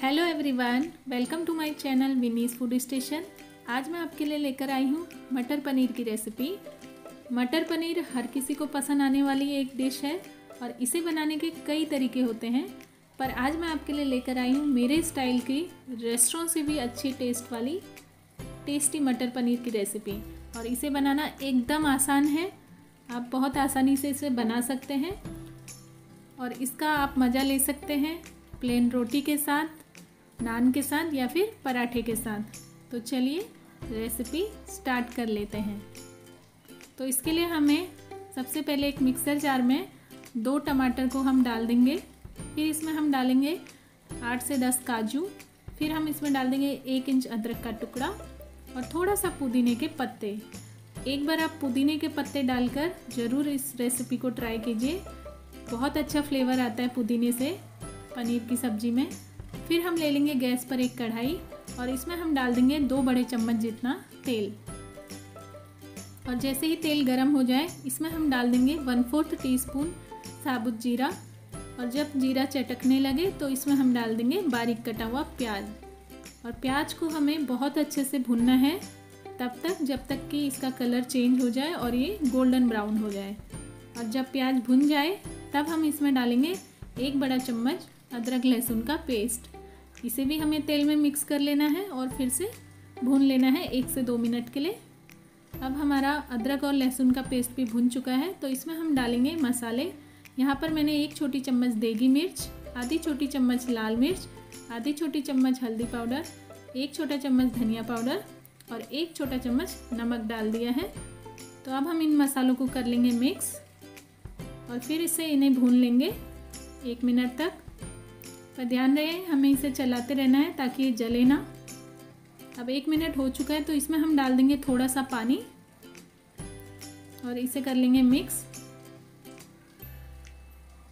hello everyone welcome to my channel विनीस food station आज मैं आपके लिए लेकर आई हूँ मटर पनीर की रेसिपी मटर पनीर हर किसी को पसंद आने वाली एक डिश है और इसे बनाने के कई तरीके होते हैं पर आज मैं आपके लिए लेकर आई हूँ मेरे स्टाइल की रेस्टोरेंट से भी अच्छी टेस्ट वाली टेस्टी मटर पनीर की रेसिपी और इसे बनाना एकदम आसान है आप बहुत आसानी से इसे बना सकते हैं और इसका आप मज़ा ले सकते हैं प्लेन रोटी के साथ नान के साथ या फिर पराठे के साथ तो चलिए रेसिपी स्टार्ट कर लेते हैं तो इसके लिए हमें सबसे पहले एक मिक्सर जार में दो टमाटर को हम डाल देंगे फिर इसमें हम डालेंगे आठ से दस काजू फिर हम इसमें डाल देंगे एक इंच अदरक का टुकड़ा और थोड़ा सा पुदीने के पत्ते एक बार आप पुदीने के पत्ते डालकर ज़रूर इस रेसिपी को ट्राई कीजिए बहुत अच्छा फ्लेवर आता है पुदीने से पनीर की सब्ज़ी में फिर हम ले लेंगे गैस पर एक कढ़ाई और इसमें हम डाल देंगे दो बड़े चम्मच जितना तेल और जैसे ही तेल गर्म हो जाए इसमें हम डाल देंगे वन फोर्थ टी स्पून साबुत जीरा और जब जीरा चटकने लगे तो इसमें हम डाल देंगे बारीक कटा हुआ प्याज और प्याज को हमें बहुत अच्छे से भुनना है तब तक जब तक कि इसका कलर चेंज हो जाए और ये गोल्डन ब्राउन हो जाए और जब प्याज भुन जाए तब हम इसमें डालेंगे एक बड़ा चम्मच अदरक लहसुन का पेस्ट इसे भी हमें तेल में मिक्स कर लेना है और फिर से भून लेना है एक से दो मिनट के लिए अब हमारा अदरक और लहसुन का पेस्ट भी भुन चुका है तो इसमें हम डालेंगे मसाले यहाँ पर मैंने एक छोटी चम्मच देगी मिर्च आधी छोटी चम्मच लाल मिर्च आधी छोटी चम्मच हल्दी पाउडर एक छोटा चम्मच धनिया पाउडर और एक छोटा चम्मच नमक डाल दिया है तो अब हम इन मसालों को कर लेंगे मिक्स और फिर इसे इन्हें भून लेंगे एक मिनट तक पर ध्यान रहे हमें इसे चलाते रहना है ताकि ये जले ना अब एक मिनट हो चुका है तो इसमें हम डाल देंगे थोड़ा सा पानी और इसे कर लेंगे मिक्स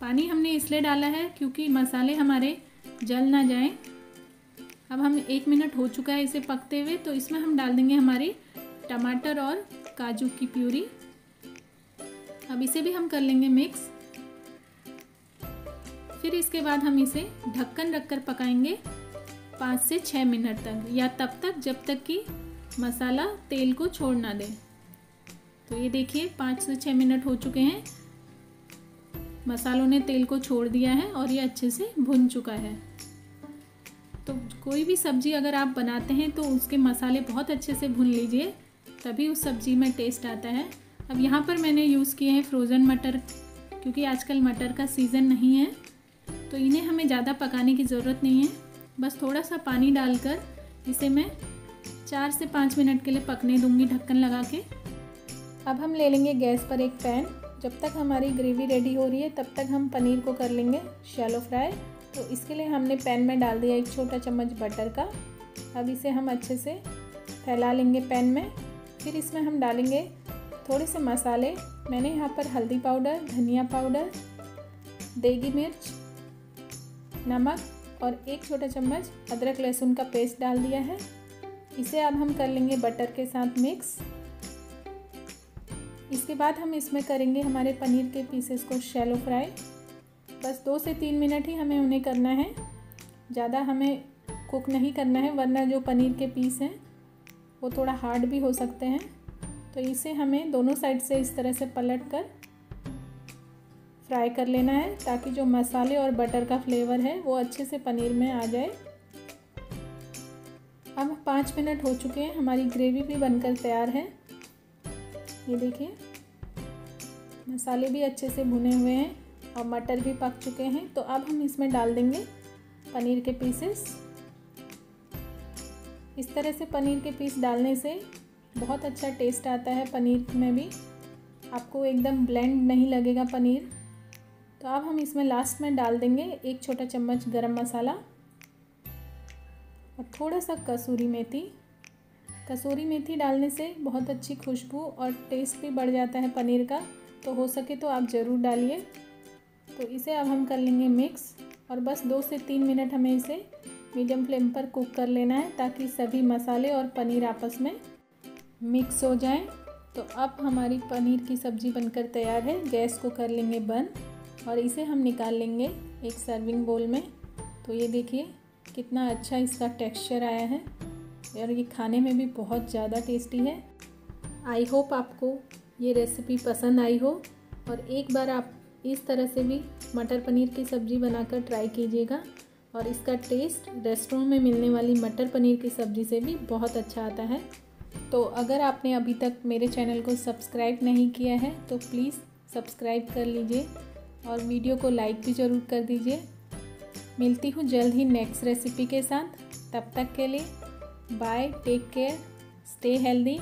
पानी हमने इसलिए डाला है क्योंकि मसाले हमारे जल ना जाएं अब हम एक मिनट हो चुका है इसे पकते हुए तो इसमें हम डाल देंगे हमारी टमाटर और काजू की प्यूरी अब इसे भी हम कर लेंगे मिक्स फिर इसके बाद हम इसे ढक्कन रखकर पकाएंगे पाँच से छः मिनट तक या तब तक जब तक कि मसाला तेल को छोड़ ना दे तो ये देखिए पाँच से छः मिनट हो चुके हैं मसालों ने तेल को छोड़ दिया है और ये अच्छे से भुन चुका है तो कोई भी सब्ज़ी अगर आप बनाते हैं तो उसके मसाले बहुत अच्छे से भून लीजिए तभी उस सब्ज़ी में टेस्ट आता है अब यहाँ पर मैंने यूज़ किए हैं फ्रोज़न मटर क्योंकि आजकल मटर का सीज़न नहीं है तो इन्हें हमें ज़्यादा पकाने की ज़रूरत नहीं है बस थोड़ा सा पानी डालकर इसे मैं चार से पाँच मिनट के लिए पकने दूंगी ढक्कन लगा के अब हम ले लेंगे गैस पर एक पैन जब तक हमारी ग्रेवी रेडी हो रही है तब तक हम पनीर को कर लेंगे शैलो फ्राई तो इसके लिए हमने पैन में डाल दिया एक छोटा चम्मच बटर का अब इसे हम अच्छे से फैला लेंगे पैन में फिर इसमें हम डालेंगे थोड़े से मसाले मैंने यहाँ पर हल्दी पाउडर धनिया पाउडर देगी मिर्च नमक और एक छोटा चम्मच अदरक लहसुन का पेस्ट डाल दिया है इसे अब हम कर लेंगे बटर के साथ मिक्स इसके बाद हम इसमें करेंगे हमारे पनीर के पीसेस को शैलो फ्राई बस दो से तीन मिनट ही हमें उन्हें करना है ज़्यादा हमें कुक नहीं करना है वरना जो पनीर के पीस हैं वो थोड़ा हार्ड भी हो सकते हैं तो इसे हमें दोनों साइड से इस तरह से पलट कर फ्राई कर लेना है ताकि जो मसाले और बटर का फ्लेवर है वो अच्छे से पनीर में आ जाए अब पाँच मिनट हो चुके हैं हमारी ग्रेवी भी बनकर तैयार है ये देखिए मसाले भी अच्छे से भुने हुए हैं और मटर भी पक चुके हैं तो अब हम इसमें डाल देंगे पनीर के पीसेस इस तरह से पनीर के पीस डालने से बहुत अच्छा टेस्ट आता है पनीर में भी आपको एकदम ब्लेंड नहीं लगेगा पनीर तो अब हम इसमें लास्ट में डाल देंगे एक छोटा चम्मच गरम मसाला और थोड़ा सा कसूरी मेथी कसूरी मेथी डालने से बहुत अच्छी खुशबू और टेस्ट भी बढ़ जाता है पनीर का तो हो सके तो आप ज़रूर डालिए तो इसे अब हम कर लेंगे मिक्स और बस दो से तीन मिनट हमें इसे मीडियम फ्लेम पर कुक कर लेना है ताकि सभी मसाले और पनीर आपस में मिक्स हो जाएं तो अब हमारी पनीर की सब्ज़ी बनकर तैयार है गैस को कर लेंगे बंद और इसे हम निकाल लेंगे एक सर्विंग बोल में तो ये देखिए कितना अच्छा इसका टेक्सचर आया है और ये खाने में भी बहुत ज़्यादा टेस्टी है आई होप आपको ये रेसिपी पसंद आई हो और एक बार आप इस तरह से भी मटर पनीर की सब्ज़ी बनाकर ट्राई कीजिएगा और इसका टेस्ट रेस्टोरेंट में मिलने वाली मटर पनीर की सब्ज़ी से भी बहुत अच्छा आता है तो अगर आपने अभी तक मेरे चैनल को सब्सक्राइब नहीं किया है तो प्लीज़ सब्सक्राइब कर लीजिए और वीडियो को लाइक भी ज़रूर कर दीजिए मिलती हूँ जल्द ही नेक्स्ट रेसिपी के साथ तब तक के लिए bye take care stay healthy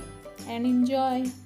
and enjoy